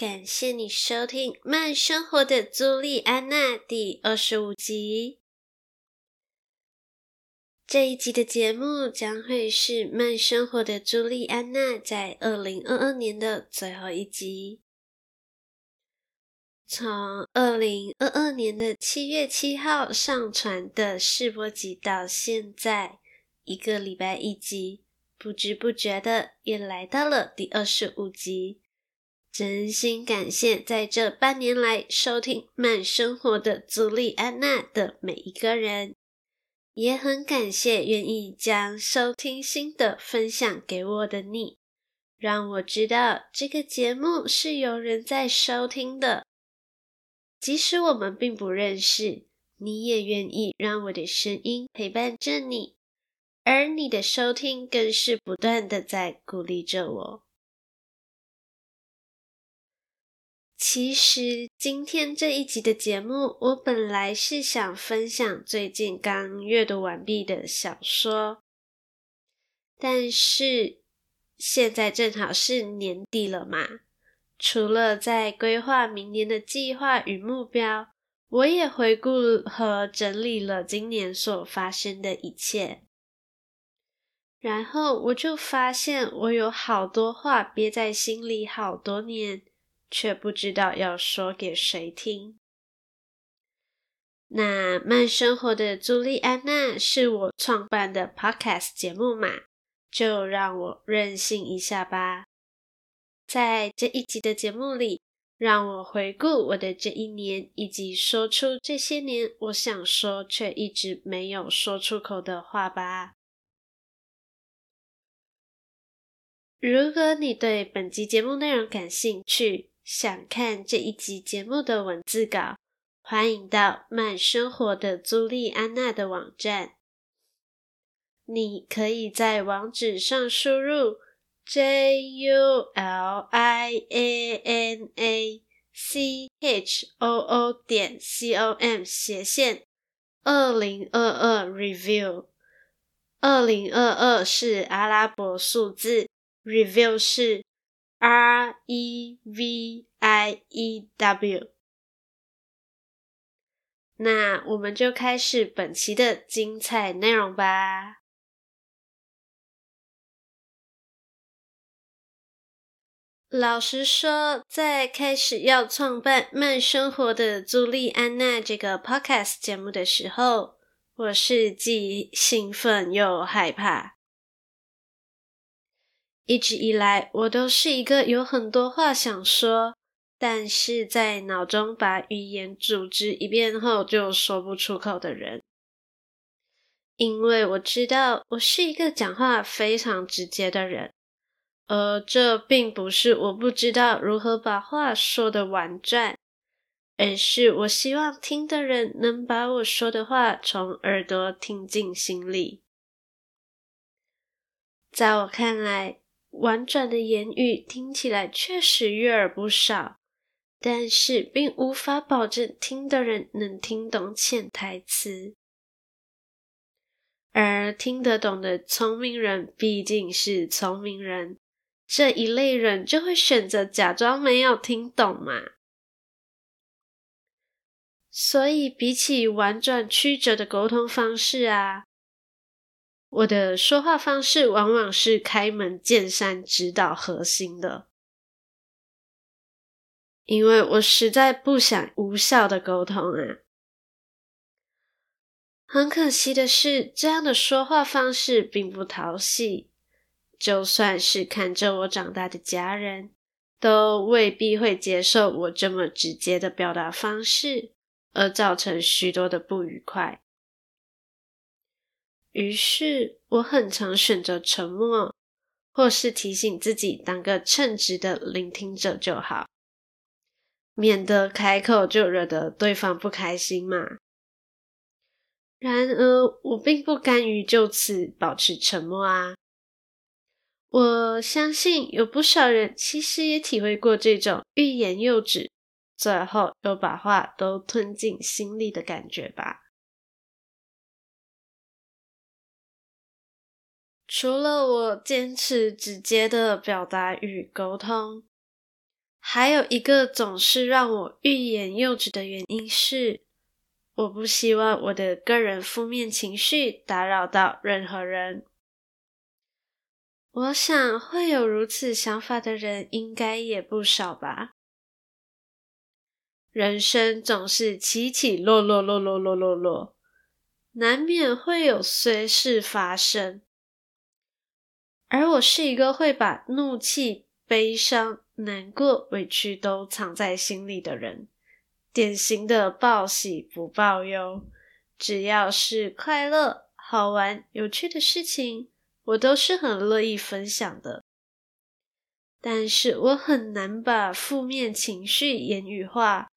感謝你收聽《慢生活的朱莉安娜》第二十五集。這一集的節目將會是《慢生活的朱莉安娜》在二零二二年的最後一集。從二零二二年的七月七號上傳的試播集到現在，一個禮拜一集，不知不覺的也來到了第二十五集。真心感謝在這半年來收聽慢生活的朱莉安娜的每一個人，也很感謝願意將收聽心得分享給我的你，讓我知道這個節目是有人在收聽的。即使我們並不認識，你也願意讓我的聲音陪伴着你，而你的收聽更是不斷的在鼓勵着我。其實今天這一集的節目，我本來是想分享最近剛閱讀完畢的小說，但是現在正好是年底了嘛，除了在規劃明年的計劃與目標，我也回顧和整理了今年所發生的一切，然後我就發現我有好多話憋在心裡好多年。卻不知道要說給誰聽。那慢生活的朱莉安娜是我創辦的 podcast 節目嘛，就讓我任性一下吧。在這一集的節目裡，讓我回顧我的這一年，以及說出這些年我想說卻一直沒有說出口的話吧。如果你對本集節目內容感興趣，想看這一集節目的文字稿，歡迎到慢生活的朱莉安娜的網站。你可以在網址上輸入 julianachoo 點 com 斜線二零二二 review 2022。二零二二是阿拉伯數字，review 是。Review，那我們就開始本期的精彩內容吧。老實說，在開始要創辦《慢生活》的朱莉安娜這個 Podcast 節目的時候，我是既興奮又害怕。一直以來，我都是一個有很多話想說，但是在腦中把語言組織一遍後就說不出口的人。因為我知道，我是一個講話非常直接的人，而這並不是我不知道如何把話說得婉轉，而是我希望聽的人能把我說的話從耳朵聽進心裡。在我看來，婉轉的言語聽起來確實悅耳不少，但是並無法保證聽的人能聽懂潛台詞。而聽得懂的聰明人畢竟是聰明人，這一類人就會選擇假裝沒有聽懂嘛。所以比起婉轉曲折的溝通方式啊。我的說話方式往往是開門見山、直搗核心的，因為我實在不想無效的溝通啊。很可惜的是，這樣的說話方式並不討喜，就算是看着我長大的家人都未必會接受我這麼直接的表達方式，而造成許多的不愉快。於是，我很常選擇沉默，或是提醒自己當個稱職的聆聽者就好，免得開口就惹得對方不開心嘛。然而，我並不甘於就此保持沉默啊！我相信有不少人其實也體會過這種欲言又止，最後又把話都吞進心裡的感覺吧。除了我堅持直接的表達與溝通，還有一個總是讓我欲言又止的原因是，我不希望我的個人負面情緒打擾到任何人。我想會有如此想法的人應該也不少吧。人生總是起起落落，落落落落落落，難免會有隨事發生。而我是一個會把怒氣、悲傷、難過、委屈都藏在心裡的人，典型的報喜不報憂，只要是快樂、好玩、有趣的事情，我都是很樂意分享的。但是我很難把負面情緒言語化，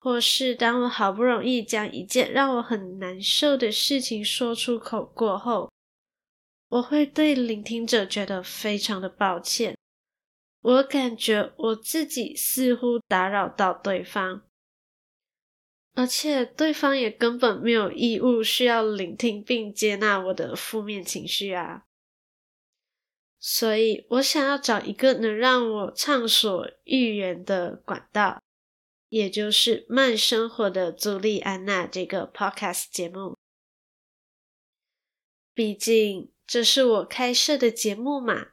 或是當我好不容易將一件讓我很難受的事情說出口過後。我會對聆聽者覺得非常的抱歉，我感覺我自己似乎打擾到對方，而且對方也根本沒有義務需要聆聽並接納我的負面情緒啊。所以，我想要找一個能讓我暢所欲言的管道，也就是慢生活的朱莉安娜這個 podcast 節目，畢竟，這是我開設的節目嘛，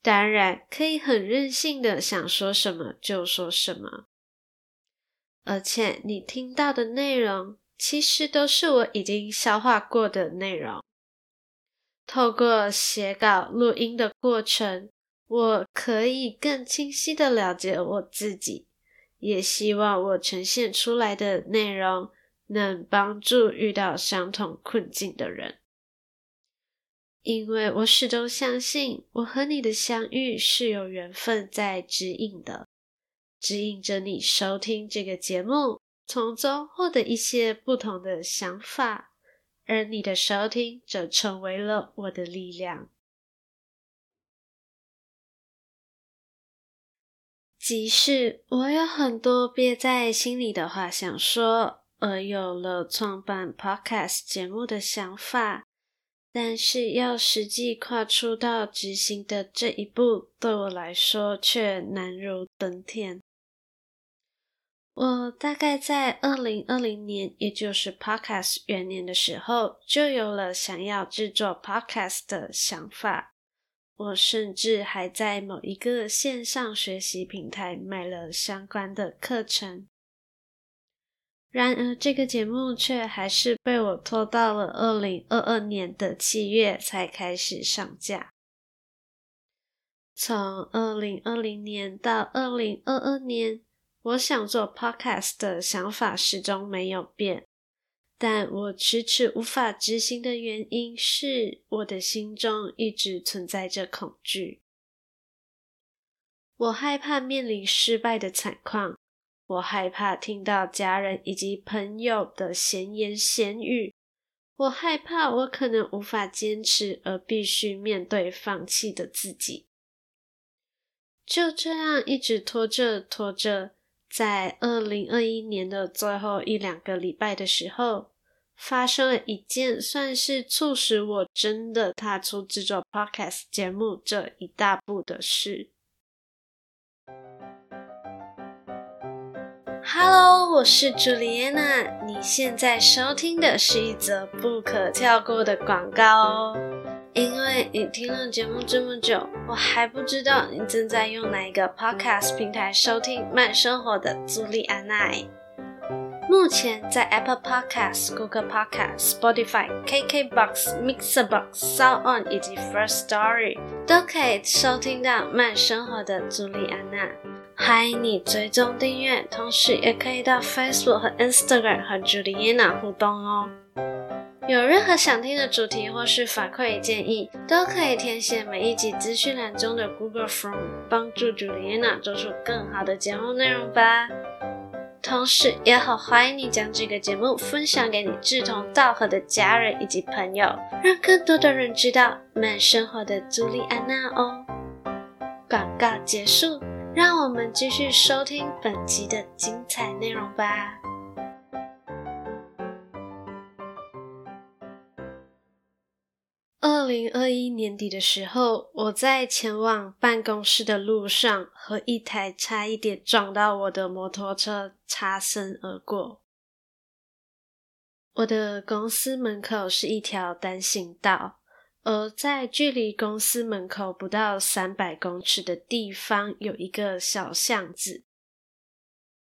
當然可以很任性的想說什麼就說什麼。而且你聽到的內容其實都是我已經消化過的內容。透過寫稿錄音的過程，我可以更清晰的了解我自己，也希望我呈現出來的內容能幫助遇到相同困境的人。因為我始終相信，我和你的相遇是有緣分在指引的，指引着你收聽這個節目，從中獲得一些不同的想法，而你的收聽則成為了我的力量。即使我有很多憋在心裡的話想說，而有了創辦 Podcast 節目的想法。但是要實際跨出到執行的這一步，對我來說卻難如登天。我大概在2020年，也就是 Podcast 元年的時候，就有了想要制作 Podcast 的想法。我甚至還在某一個線上學習平台買了相關的課程。然而，這個節目卻還是被我拖到了二零二二年的七月才開始上架。從二零二零年到二零二二年，我想做 podcast 的想法始終沒有變，但我遲遲無法執行的原因是我的心中一直存在着恐懼。我害怕面臨失敗的慘況。我害怕聽到家人以及朋友的閒言閒語，我害怕我可能無法堅持而必須面對放棄的自己。就這樣一直拖着拖着，在二零二一年的最後一兩個禮拜的時候，發生了一件算是促使我真的踏出制作 Podcast 節目這一大步的事。哈嘍，我是朱莉安娜。你現在收聽的是一則不可跳過的廣告哦，因為你聽了節目這麼久，我還不知道你正在用哪一個 Podcast 平台收聽《慢生活的朱莉安娜》。目前在 Apple Podcast、Google Podcast、Spotify、KKBox、MixerBox、SoundOn 以及 First Story 都可以收聽到《慢生活的朱莉安娜》。歡迎你追蹤訂閱，同時也可以到 Facebook 和 Instagram 和 Juliana 互動哦。有任何想聽的主題或是反饋與建議，都可以填寫每一集資訊欄中的 Google Form，幫助 Juliana 做出更好的節目內容吧。同時，也好歡迎你將這個節目分享給你志同道合的家人以及朋友，讓更多的人知道慢生活的 Juliana 哦。廣告結束。讓我們繼續收聽本集的精彩內容吧。二零二一年底的時候，我在前往辦公室的路上，和一台差一點撞到我的摩托車擦身而過。我的公司門口是一條單行道。而在距離公司門口不到三百公尺的地方，有一個小巷子。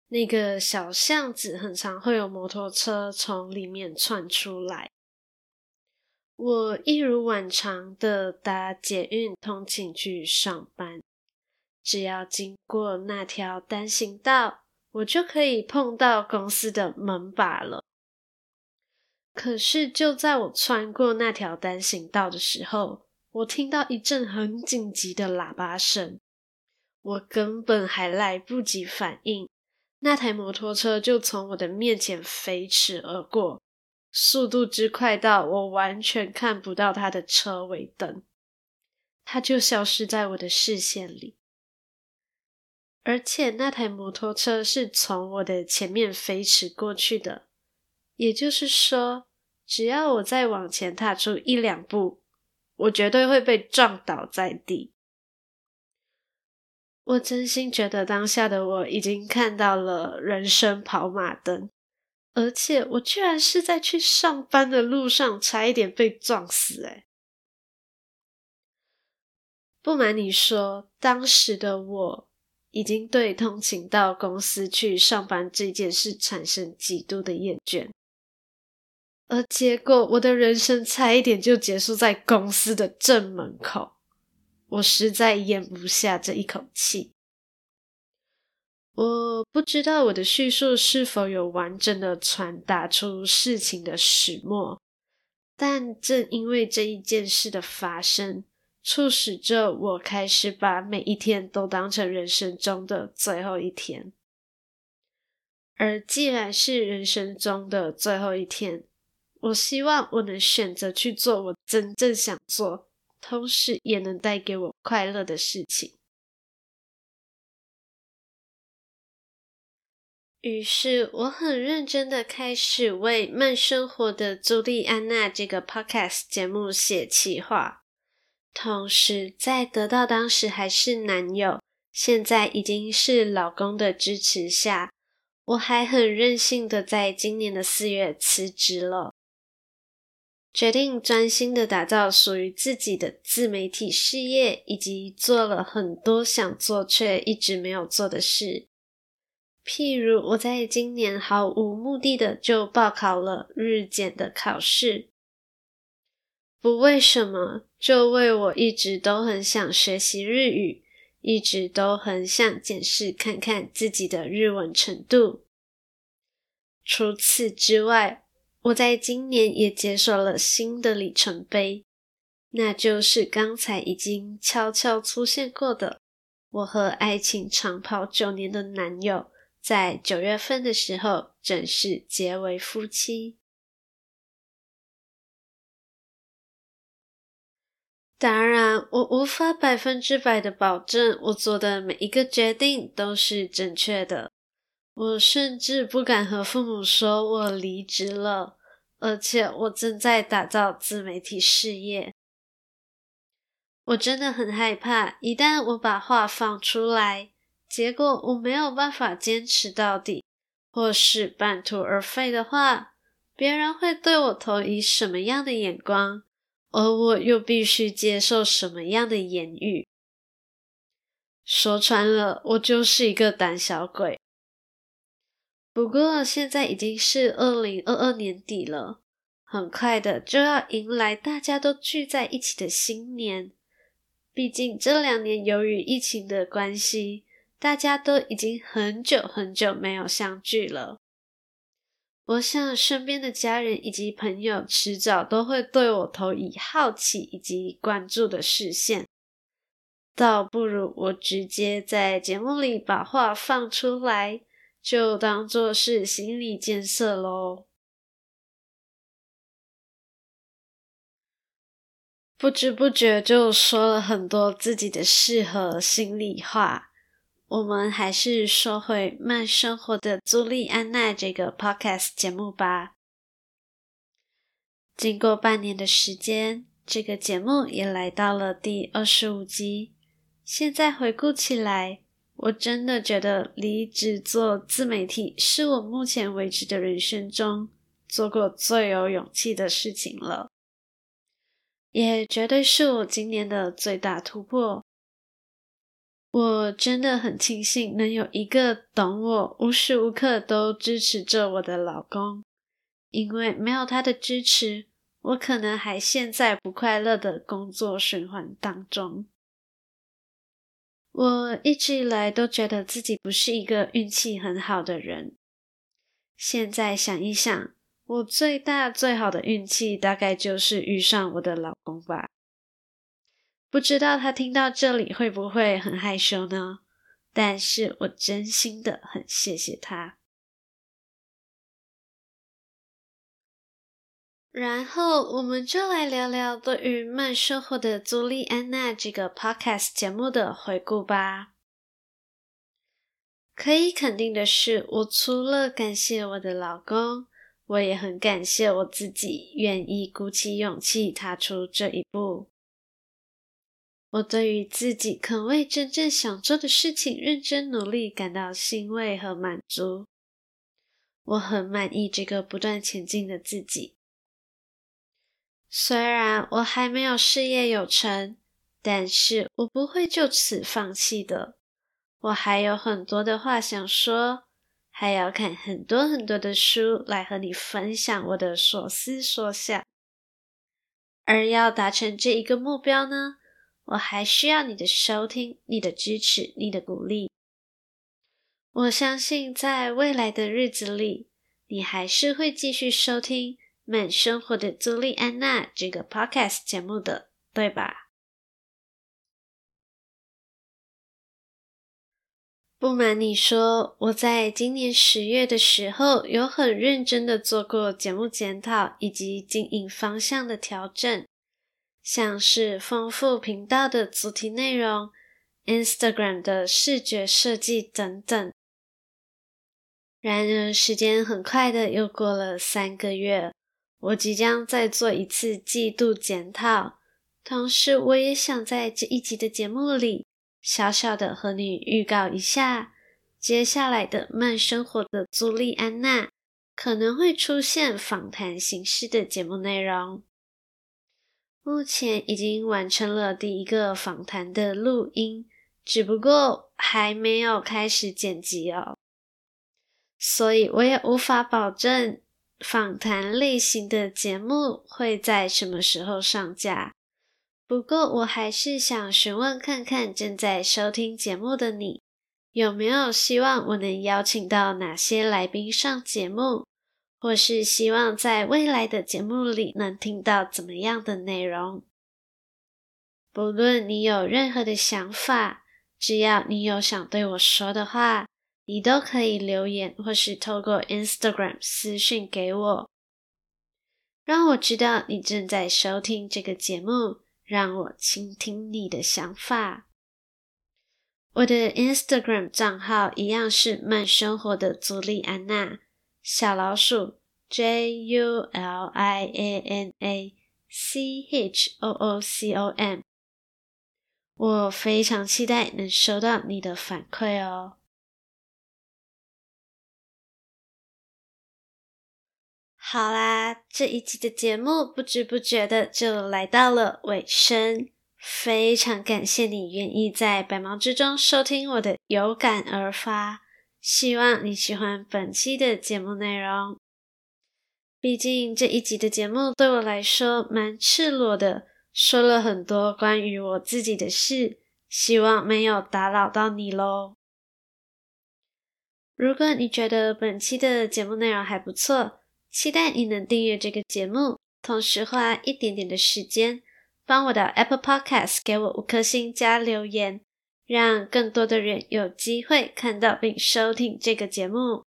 那個小巷子很常會有摩托車從裡面竄出來。我一如往常的搭捷運通勤去上班，只要經過那條單行道，我就可以碰到公司的門把了。可是，就在我穿過那條單行道的時候，我聽到一陣很緊急的喇叭聲。我根本還來不及反應，那台摩托車就從我的面前飛馳而過，速度之快到我完全看不到他的車尾燈，他就消失在我的視線裡。而且，那台摩托車是從我的前面飛馳過去的。也就是說，只要我再往前踏出一兩步，我絕對會被撞倒在地。我真心覺得，當下的我已經看到了人生跑馬燈，而且我居然是在去上班的路上，差一點被撞死欸。誒不瞞你說，當時的我已經對通勤到公司去上班這件事產生極度的厭倦。而結果，我的人生差一點就結束在公司的正門口。我實在咽不下這一口氣。我不知道我的敘述是否有完整地傳達出事情的始末，但正因為這一件事的發生，促使着我開始把每一天都當成人生中的最後一天。而既然是人生中的最後一天，我希望我能選擇去做我真正想做，同時也能帶給我快樂的事情。於是，我很認真的開始為《慢生活》的朱莉安娜這個 podcast 節目寫企劃。同時，在得到當時還是男友，現在已經是老公的支持下，我還很任性的在今年的四月辭職了。決定專心的打造屬於自己的自媒體事業，以及做了很多想做卻一直沒有做的事。譬如我在今年毫無目的的就報考了日檢的考試，不為什麼，就為我一直都很想學習日語，一直都很想檢視看看自己的日文程度。除此之外，我在今年也接受了新的里程碑，那就是剛才已經悄悄出現過的，我和愛情長跑九年的男友在九月份的時候正式結為夫妻。當然，我無法百分之百的保證我做的每一個決定都是正確的。我甚至不敢和父母說我離職了，而且我正在打造自媒體事業。我真的很害怕，一旦我把話放出來，結果我沒有辦法堅持到底，或是半途而廢的話，別人會對我投以什麼樣的眼光？而我又必須接受什麼樣的言語？說穿了，我就是一個膽小鬼。不過現在已經是2022年底了，很快的就要迎來大家都聚在一起的新年。畢竟這兩年由於疫情的關係，大家都已經很久很久沒有相聚了。我想身邊的家人以及朋友遲早都會對我投以好奇以及關注的視線，倒不如我直接在節目裡把話放出來。就當做是心理建設嘍。不知不覺就說了很多自己的事和心裡話。我們還是說回慢生活的朱莉安娜這個 podcast 節目吧。經過半年的時間，這個節目也來到了第25集。現在回顧起來。我真的覺得離職做自媒體是我目前為止的人生中做過最有勇氣的事情了，也絕對是我今年的最大突破。我真的很慶幸能有一個懂我、無時無刻都支持着我的老公，因為沒有他的支持，我可能還陷在不快樂的工作循環當中。我一直以來都覺得自己不是一個運氣很好的人。現在想一想，我最大最好的運氣大概就是遇上我的老公吧。不知道他聽到這裡會不會很害羞呢？但是我真心的很謝謝他。然後我們就來聊聊對於慢生活的朱莉安娜這個 podcast 節目的回顧吧。可以肯定的是，我除了感謝我的老公，我也很感謝我自己，願意鼓起勇氣踏出這一步。我對於自己肯為真正想做的事情認真努力感到欣慰和滿足。我很滿意這個不斷前進的自己。雖然我還沒有事業有成，但是我不會就此放棄的。我還有很多的話想說，還要看很多很多的書來和你分享我的所思所想。而要達成這一個目標呢，我還需要你的收聽、你的支持、你的鼓勵。我相信在未來的日子裡，你還是會繼續收聽。慢生活的朱莉安娜》這個 Podcast 節目的，對吧？不瞞你說，我在今年十月的時候，有很認真的做過節目檢討以及經營方向的調整，像是豐富頻道的主題內容、Instagram 的視覺設計等等。然而，時間很快的又過了三個月。我即將再做一次季度檢討，同時我也想在這一集的節目裡，小小的和你預告一下，接下來的慢生活的朱莉安娜可能會出現訪談形式的節目內容。目前已經完成了第一個訪談的錄音，只不過還沒有開始剪輯哦，所以我也無法保證。訪談類型的節目會在什麼時候上架？不過我還是想詢問看看正在收聽節目的你，有沒有希望我能邀請到哪些來賓上節目，或是希望在未來的節目裡能聽到怎麼樣的內容？不論你有任何的想法，只要你有想對我說的話，你都可以留言，或是透過 Instagram 私訊給我，讓我知道你正在收聽這個節目，讓我傾聽你的想法。我的 Instagram 賬號一樣是慢生活的朱麗安娜小老鼠 J-U-L-I-A-N-A-C-H-O-O-C-O-M。我非常期待能收到你的反饋哦。好啦，這一集的節目不知不覺的就來到了尾聲，非常感謝你願意在百忙之中收聽我的有感而發，希望你喜歡本期的節目內容。畢竟這一集的節目對我來說蠻赤裸的，說了很多關於我自己的事，希望沒有打擾到你嘍。如果你覺得本期的節目內容還不錯，期待你能訂閱這個節目，同時花一點點的時間，幫我的 Apple Podcast 給我五顆星加留言，讓更多的人有機會看到並收聽這個節目。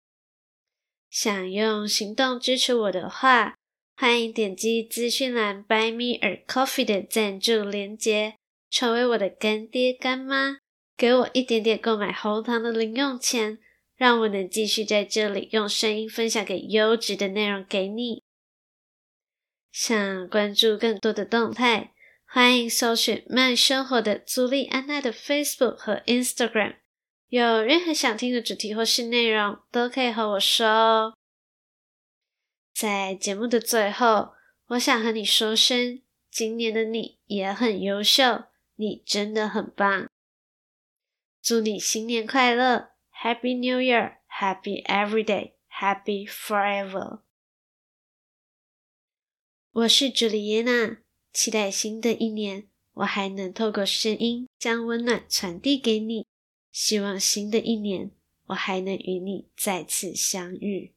想用行動支持我的話，歡迎點擊資訊欄 Buy Me a Coffee 的贊助鏈接，成為我的乾爹乾媽，給我一點點購買紅糖的零用錢。讓我能繼續在這裡用聲音分享給優質的內容給你。想關注更多的動態，歡迎搜尋慢生活的朱莉安娜的 Facebook 和 Instagram。有任何想聽的主題或是內容，都可以和我說哦。在節目的最後，我想和你說聲：今年的你也很優秀，你真的很棒。祝你新年快樂！Happy New Year, Happy Everyday, Happy Forever. 我是朱麗葉娜，期待新的一年，我還能透過聲音將溫暖傳遞給你。希望新的一年，我還能與你再次相遇。